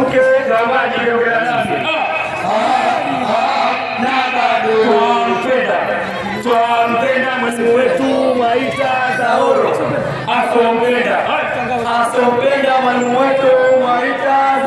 mke na maji twampenda, mwalimu wetu Maita Zahoro, asompenda asompenda mwalimu wetu Maita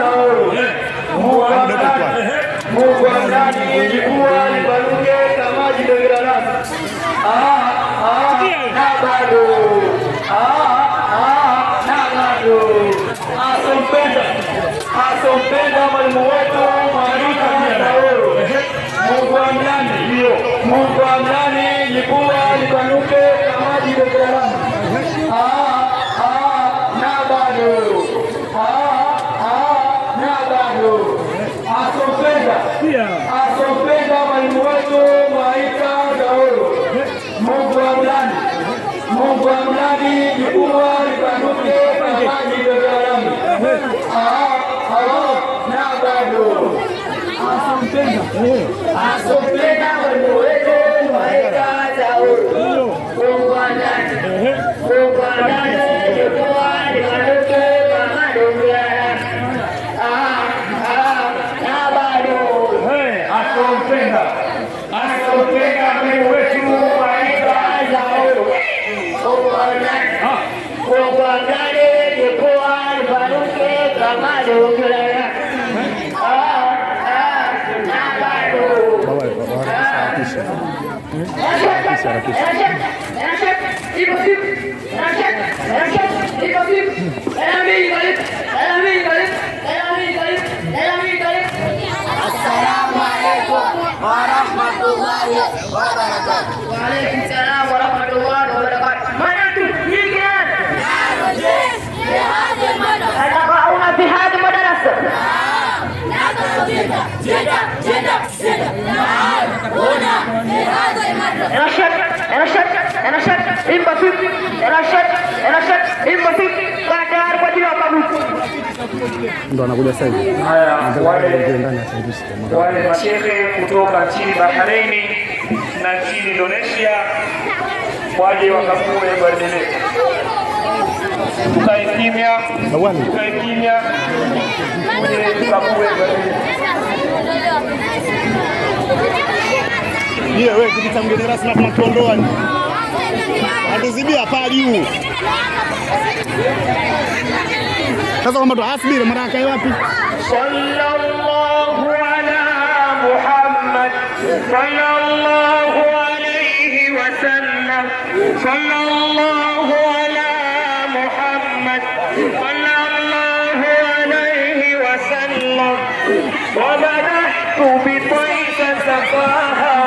Mungu wa ndani, Mungu wa ndani, jipua Paso ndo anakuja sasa hivi. Wale mashehe kutoka nchini Bahraini na nchini Indonesia waje wakague badele. Tukae kimya, tukae kimya, tukague badele. Yeye wewe kipita mgeni rasmi tunatuondoa. Atuzibia pali huu. Sasa kama tuasbiri maana yake wapi? Sallallahu ala Muhammad sallallahu alayhi wasallam sallallahu ala Muhammad sallallahu alayhi wasallam wa badahtu bi tayka safaha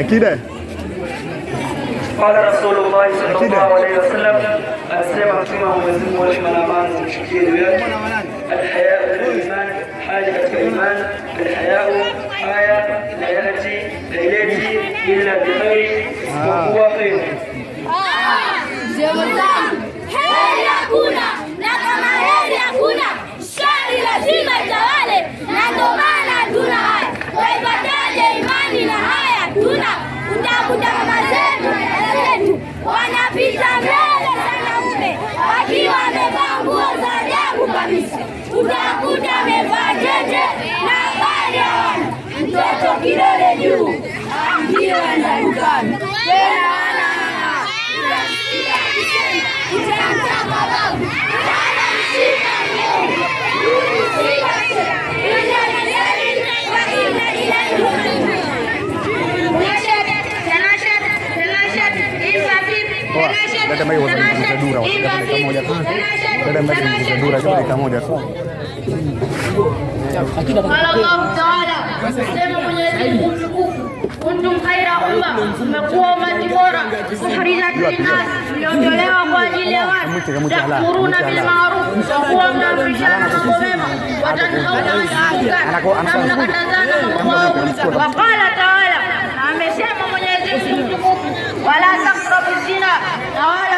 أكيد قال رسول الله صلى الله عليه وسلم أسلم فيما هو يزم والمنامان والشكير الحياء الإيمان حاجة الإيمان الحياء حياة لا يأتي لا يأتي إلا بخير وهو خير آه. هيا كونا نكما هيا كونا mpira wa dakika moja tatu, dada ambaye tumecheza dura kwa dakika moja tu. Allahu taala sema Mwenyezi Mungu mtukufu, kuntum khaira umma, mmekuwa umati bora, ukhrijat linnas, mliondolewa kwa ajili ya watu, amesema Mwenyezi Mungu mtukufu, wala taqrabu zina wala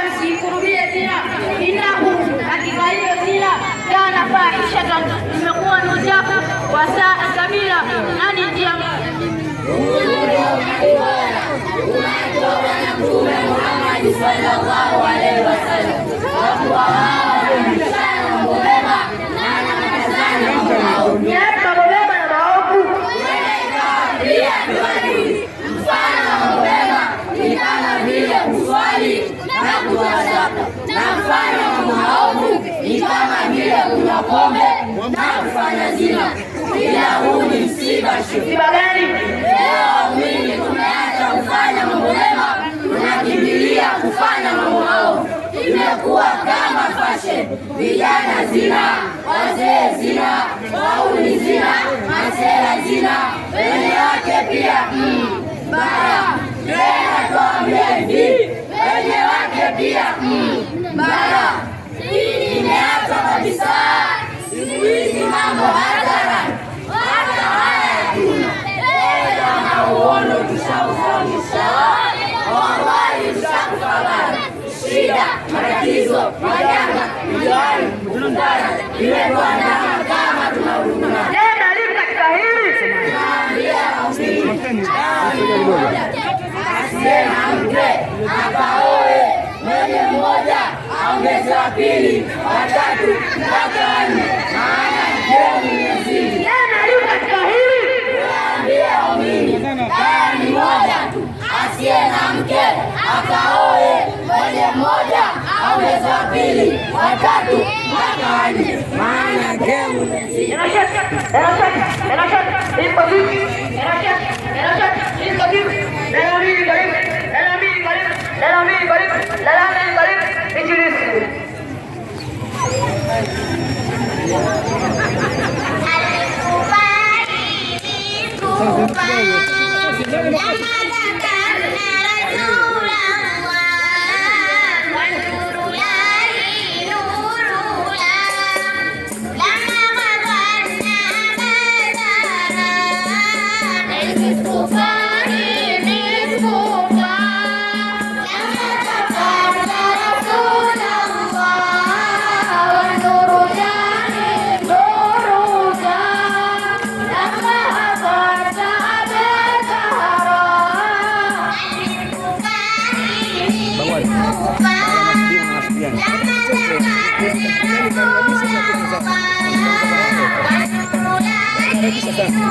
Mtume Muhammad sallallahu alaihi wasallam. Wakuwa hawa wamebishana mambo mema na wanakatazana mambo maovu. Mambo mema na maovu huenda ikawafikia kweli. Mfano wa mambo mema ni kama vile kuswali na kutoa zaka, na mfano wa maovu ni kama vile kunywa pombe vijana zina, wazee zina, kauli zina, masela zina, wenye wake pia bara. Tuambie hivi, wenye wake pia bara. Hii imeacha kabisa, siku hizi mambo hadhara, hata haya hakuna. Wana uono tushausamisha, wawali tushakufa shida matatizo majanga dalili na mke akaoe mwenye mmoja aongeze wa pili watatu mpaka nne, maana ndiye waumini kaya ni moja tu, asiye na mke akaoe mwenye mmoja aongeze wa pili watatu wakali, maana kemu Alikubariki, kubali,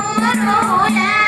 โนโนดา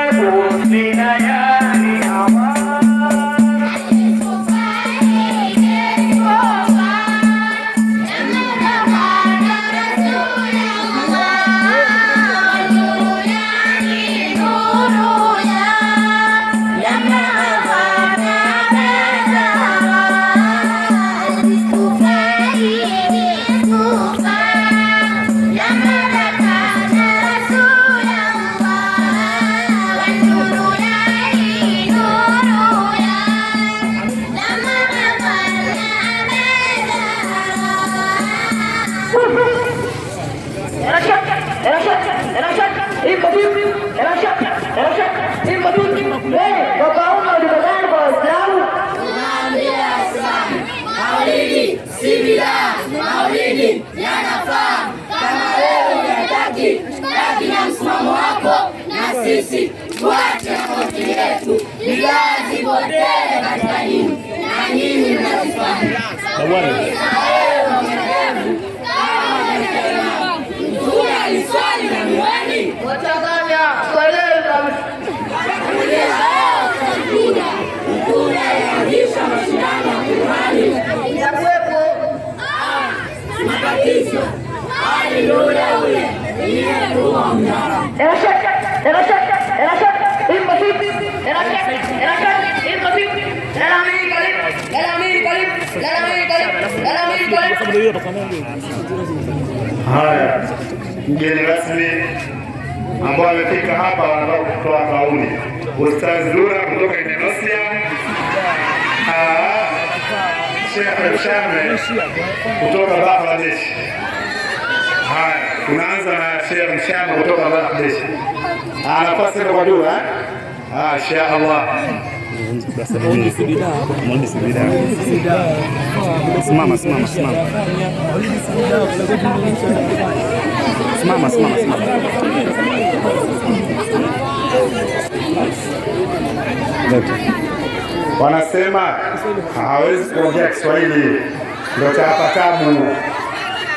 Bwana Era imposible, era imposible, era imposible, era mi Haya, mgeni rasmi ambao amefika hapa wanataka kutoa kauli. Ustaz Lura kutoka Indonesia, Sheikh Shame kutoka Bangladesh. Haya, tunaanza na Sheikh Shame kutoka Bangladesh. Anafasiri kwa dua. Eh? Ah, insha Allah. Simama, simama, simama. Simama, simama, Wanasema hawezi kuongea Kiswahili ndio chapa tabu.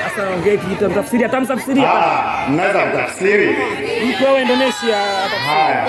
Sasa ongea kitu mtafsiri atamtafsiria. Ah, mnaweza mtafsiri. Mtu wa Indonesia. Haya.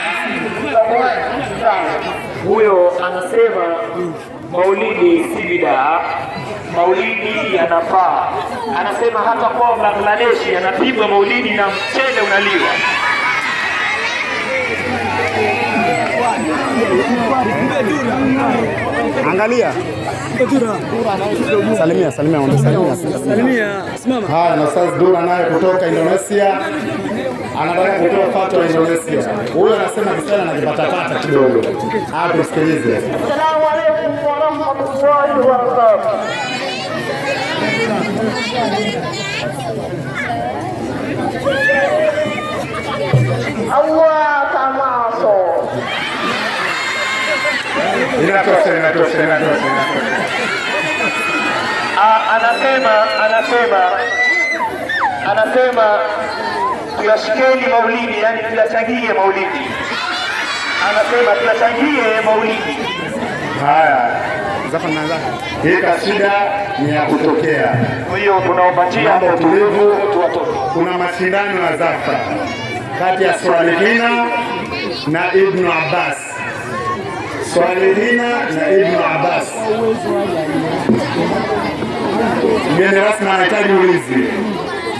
huyo anasema maulidi si bidaa, maulidi yanafaa. Anasema hata kwa Bangladeshi anapigwa maulidi na mchele unaliwa. Angalia, salimia salimia, salimia. Haya, na sasa Dura naye kutoka Indonesia anataka kutoa fatwa ya Indonesia. Huyo anasema msichana anajipatapata kidogo. Hapo tusikilize. Asalamu alaykum wa rahmatullahi wa barakatuh. Allah tamaso. Inatosha, inatosha, inatosha. Anasema, anasema, anasema tuyashikeni maulidi, yani tuyachangie maulidi. Anasema tuyachangie maulidi. Haya, hii kasida ni ya kutokea. hiyo tunaopatia tulivu. Kuna mashindano ya zafa kati ya Swalihina na Ibnu Abbas. Swalihina na Ibnu Abbas, mgeni rasmi anahitaji ulinzi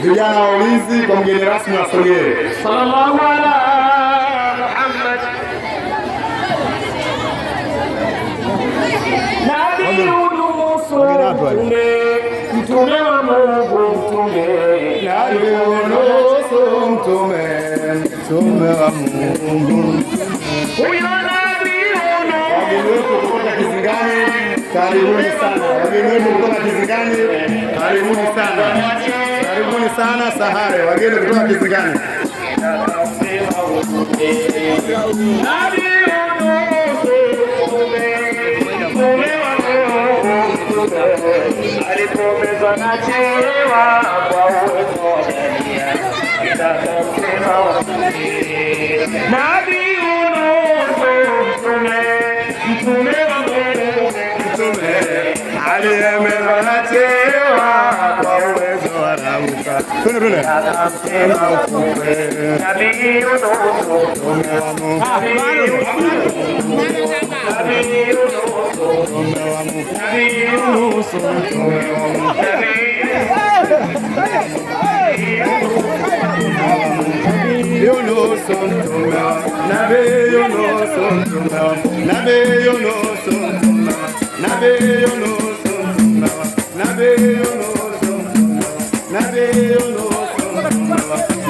vijana wa ulinzi kwa mgeni rasmi wasogee. Sallallahu ala Muhammad. mtume wa Mungu mtume, nabii mtume mtume wa Mungu Karibuni sana karibuni sana. Karibuni sana Sahare, wageni kutoka Kisangani. Alipomezwa na chewa kwa Yürüle. Yunusun tuma, nabe yunusun tuma, nabe yunusun tuma, nabe yunusun tuma, nabe yunusun tuma.